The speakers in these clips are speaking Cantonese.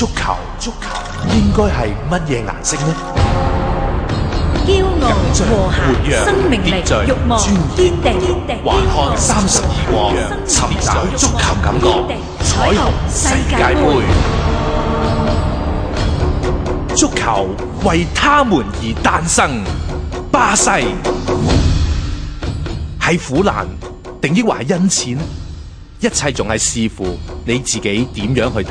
足球，足球應該係乜嘢顏色呢？驕傲、活躍、生命力、天欲望、尊嚴、還看三十二國，尋找，尋找足球感覺，彩虹世界杯。足球為他們而誕生。巴西係苦難，定抑或係恩賜？一切仲係視乎你自己點樣去睇。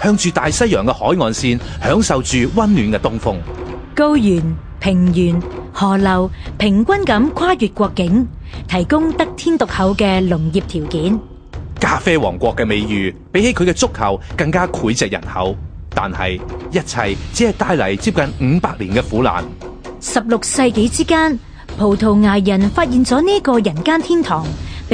向住大西洋嘅海岸線，享受住溫暖嘅東風。高原、平原、河流，平均咁跨越國境，提供得天獨厚嘅農業條件。咖啡王國嘅美譽，比起佢嘅足球更加膾炙人口。但係一切只係帶嚟接近五百年嘅苦難。十六世紀之交，葡萄牙人發現咗呢個人間天堂。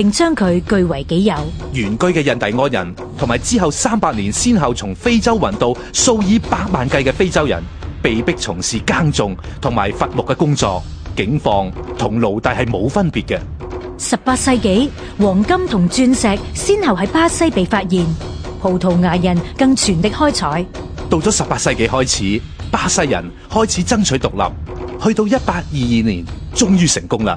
並將佢據為己有。原居嘅印第安人，同埋之後三百年先後從非洲運到數以百萬計嘅非洲人，被逼從事耕種同埋伐木嘅工作，境況同奴隸係冇分別嘅。十八世紀，黃金同鑽石先後喺巴西被發現，葡萄牙人更全力開採。到咗十八世紀開始，巴西人開始爭取獨立，去到一八二二年，終於成功啦。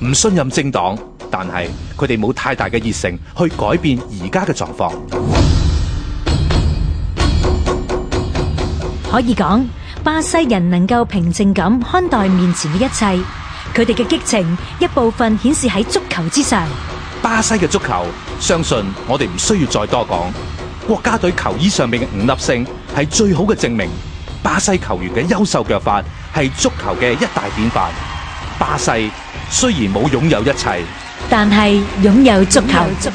唔信任政黨，但係佢哋冇太大嘅熱誠去改變而家嘅狀況。可以講，巴西人能夠平靜咁看待面前嘅一切，佢哋嘅激情一部分顯示喺足球之上。巴西嘅足球，相信我哋唔需要再多講，國家隊球衣上面嘅五粒星係最好嘅證明。巴西球員嘅優秀腳法係足球嘅一大典範。巴西雖然冇擁有，有一切，但係擁有，有足球。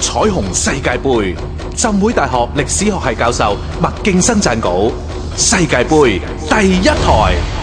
彩虹世界杯，浸會大學歷史學系教授麥勁生撰稿。世界杯第一台。